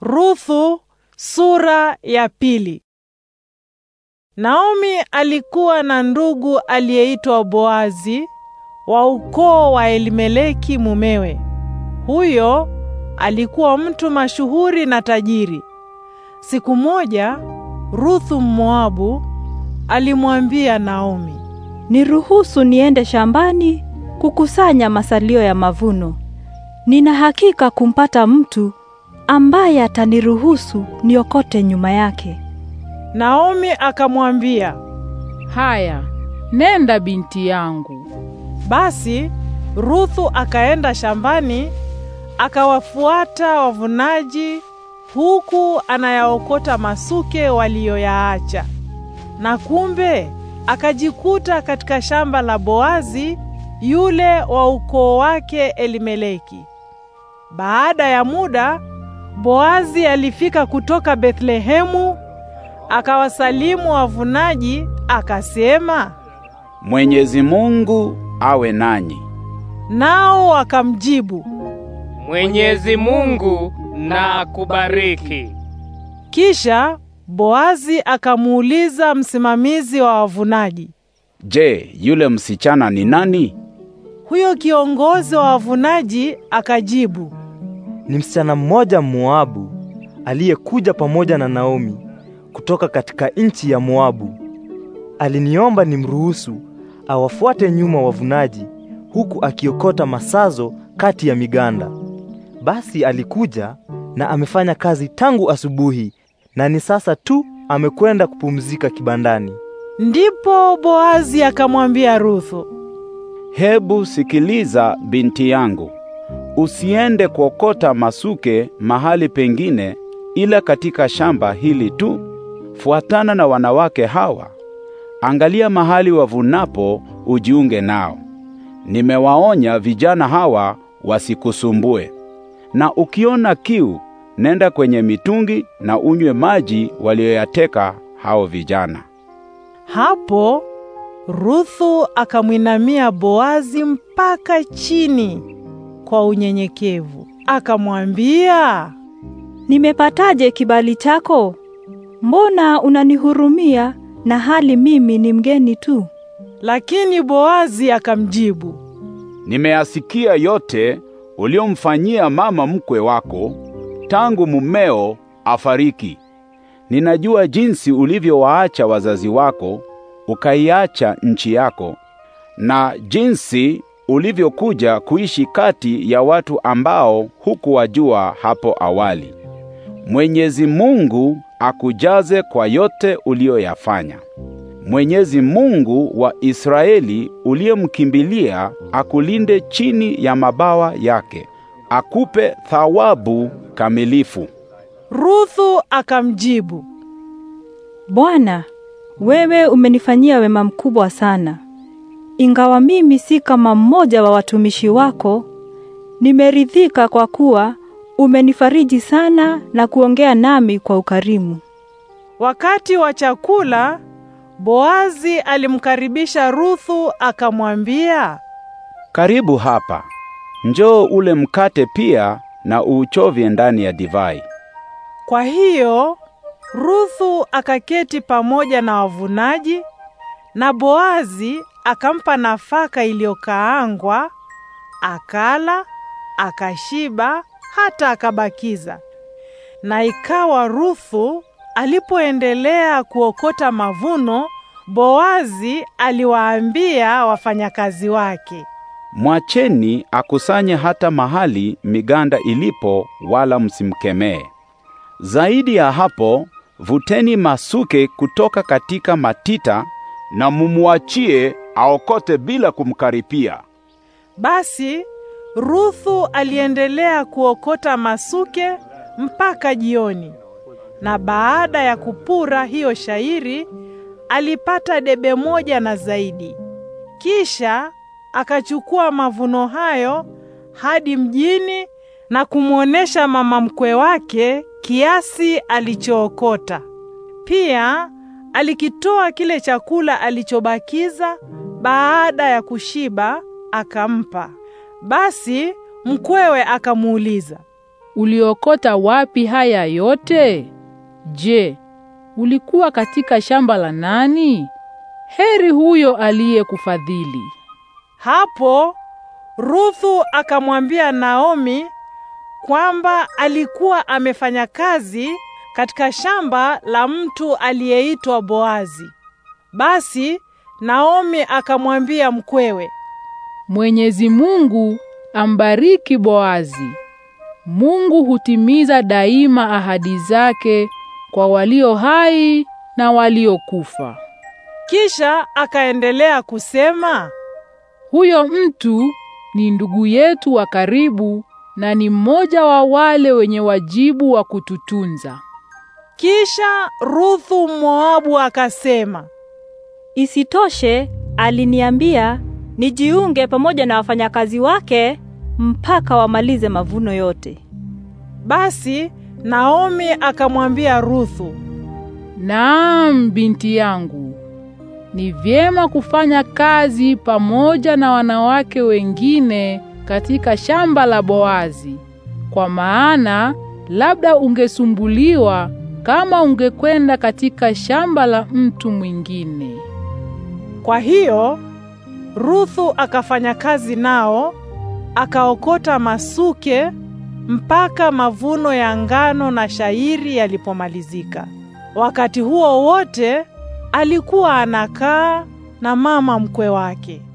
Ruthu sura ya pili. Naomi alikuwa na ndugu aliyeitwa Boazi wa ukoo wa Elimeleki mumewe. Huyo alikuwa mtu mashuhuri na tajiri. Siku moja Ruthu Mmoabu alimwambia Naomi, niruhusu niende shambani kukusanya masalio ya mavuno. Nina hakika kumpata mtu ambaye ataniruhusu niokote nyuma yake. Naomi akamwambia, haya, nenda binti yangu. Basi Ruthu akaenda shambani akawafuata wavunaji huku anayaokota masuke waliyoyaacha. Na kumbe akajikuta katika shamba la Boazi yule wa ukoo wake Elimeleki. Baada ya muda Boazi alifika kutoka Bethlehemu akawasalimu wavunaji akasema, Mwenyezi Mungu awe nanyi. Nao wakamjibu, Mwenyezi Mungu na akubariki. Kisha Boazi akamuuliza msimamizi wa wavunaji, Je, yule msichana ni nani? Huyo kiongozi wa wavunaji akajibu, ni msichana mmoja Moabu aliyekuja pamoja na Naomi kutoka katika nchi ya Moabu. Aliniomba nimruhusu awafuate nyuma wavunaji huku akiokota masazo kati ya miganda. Basi alikuja na amefanya kazi tangu asubuhi na ni sasa tu amekwenda kupumzika kibandani. Ndipo Boazi akamwambia Ruthu, Hebu sikiliza binti yangu usiende kuokota masuke mahali pengine ila katika shamba hili tu. Fuatana na wanawake hawa, angalia mahali wavunapo, ujiunge nao. Nimewaonya vijana hawa wasikusumbue. Na ukiona kiu, nenda kwenye mitungi na unywe maji walioyateka hao vijana. Hapo Ruthu akamwinamia Boazi mpaka chini kwa unyenyekevu. Akamwambia, nimepataje kibali chako? Mbona unanihurumia na hali mimi ni mgeni tu? Lakini Boazi akamjibu, nimeyasikia yote uliomfanyia mama mkwe wako tangu mumeo afariki. Ninajua jinsi ulivyowaacha wazazi wako ukaiacha nchi yako na jinsi ulivyokuja kuishi kati ya watu ambao hukuwajua hapo awali. Mwenyezi Mungu akujaze kwa yote uliyoyafanya. Mwenyezi Mungu wa Israeli uliyemkimbilia akulinde chini ya mabawa yake, akupe thawabu kamilifu. Ruthu akamjibu, Bwana, wewe umenifanyia wema mkubwa sana. Ingawa mimi si kama mmoja wa watumishi wako, nimeridhika kwa kuwa umenifariji sana na kuongea nami kwa ukarimu. Wakati wa chakula, Boazi alimkaribisha Ruthu akamwambia, "Karibu hapa. Njoo ule mkate pia na uuchovye ndani ya divai." Kwa hiyo Ruthu akaketi pamoja na wavunaji na Boazi akampa nafaka iliyokaangwa, akala, akashiba, hata akabakiza. Na ikawa Ruthu alipoendelea kuokota mavuno, Boazi aliwaambia wafanyakazi wake, Mwacheni akusanye hata mahali miganda ilipo, wala msimkemee. Zaidi ya hapo, vuteni masuke kutoka katika matita na mumwachie aokote bila kumkaripia. Basi Ruthu aliendelea kuokota masuke mpaka jioni, na baada ya kupura hiyo shairi alipata debe moja na zaidi. Kisha akachukua mavuno hayo hadi mjini na kumwonesha mama mkwe wake kiasi alichookota. Pia alikitoa kile chakula alichobakiza baada ya kushiba akampa. Basi mkwewe akamuuliza, uliokota wapi haya yote? Je, ulikuwa katika shamba la nani? Heri huyo aliyekufadhili. Hapo Ruthu akamwambia Naomi kwamba alikuwa amefanya kazi katika shamba la mtu aliyeitwa Boazi. Basi Naomi akamwambia mkwewe, Mwenyezi Mungu ambariki Boazi. Mungu hutimiza daima ahadi zake kwa walio hai na waliokufa. Kisha akaendelea kusema, huyo mtu ni ndugu yetu wa karibu na ni mmoja wa wale wenye wajibu wa kututunza. Kisha Ruthu Moabu akasema, Isitoshe, aliniambia nijiunge pamoja na wafanyakazi wake mpaka wamalize mavuno yote. Basi Naomi akamwambia Ruthu, "Naam, binti yangu. Ni vyema kufanya kazi pamoja na wanawake wengine katika shamba la Boazi, kwa maana labda ungesumbuliwa kama ungekwenda katika shamba la mtu mwingine." Kwa hiyo Ruthu akafanya kazi nao, akaokota masuke mpaka mavuno ya ngano na shairi yalipomalizika. Wakati huo wote alikuwa anakaa na mama mkwe wake.